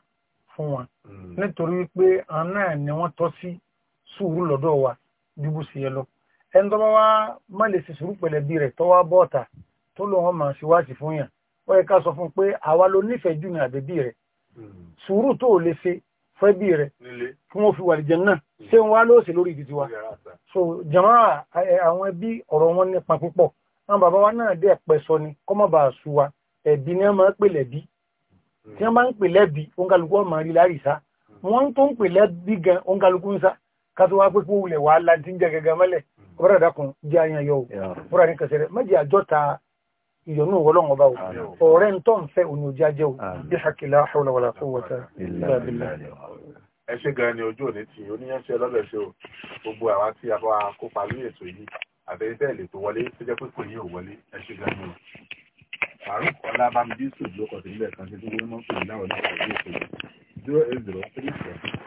fún wọn. Hmm nítorí wípé àwọn náà ni wọ́n tọ́ sí sùúrù lọ́dọ̀ wa bí bó ṣe yẹ lọ ẹni tó bá wá má lè ṣe sùúrù pẹ̀lẹ́bí rẹ̀ tó wá bọ́ọ̀tà tó lò wọ́n máa ṣe wáàsí fún yàn ó yẹ ká sọ fún un pé àwa ló nífẹ̀ẹ́ jù ní àbẹ̀bí rẹ̀ sùúrù tó lè ṣe fẹ́ bí rẹ̀ kí wọ́n fi wà lìjẹ̀ náà ṣé wọ́n á lóòsè lórí ìdíjú wa so jamaa àwọn ẹbí ọ̀rọ̀ wọn nípa púpọ̀ àwọn bàbá wa náà dé ẹ̀pẹ́ sọ ni kọ́ mọ̀ bá a sú wa ẹ̀bí ni wọ́n máa ń pè lẹ́bí tí wọ́n máa ń pè lẹ́bí òǹkàlùkù ọmọ rí lárìsá wọ́n tó ń pè lẹ́bí gan oúnkàlùkù ń sá kátó wá pé kó wulẹ̀ wà á láti ń jẹ gẹ́gẹ́ mẹ́lẹ̀ ọ̀rọ̀ mm. ìdákun jẹ́ àyàn yọ òwúrọ̀ ní kẹsẹ̀ rẹ̀ méjì àjọ ta ìyọnú wọlọ́n ọba ọ̀rẹ́ ń tọ́ ń fẹ́ òní ojú ajé o a bá kópa lórí ètò ni o. Faruk Ọlábàmídí sùn ló kọ̀ sílẹ̀ kan tí gbogbo mọ́ pè láwọn náà kọ̀ọ̀dé hidroperícia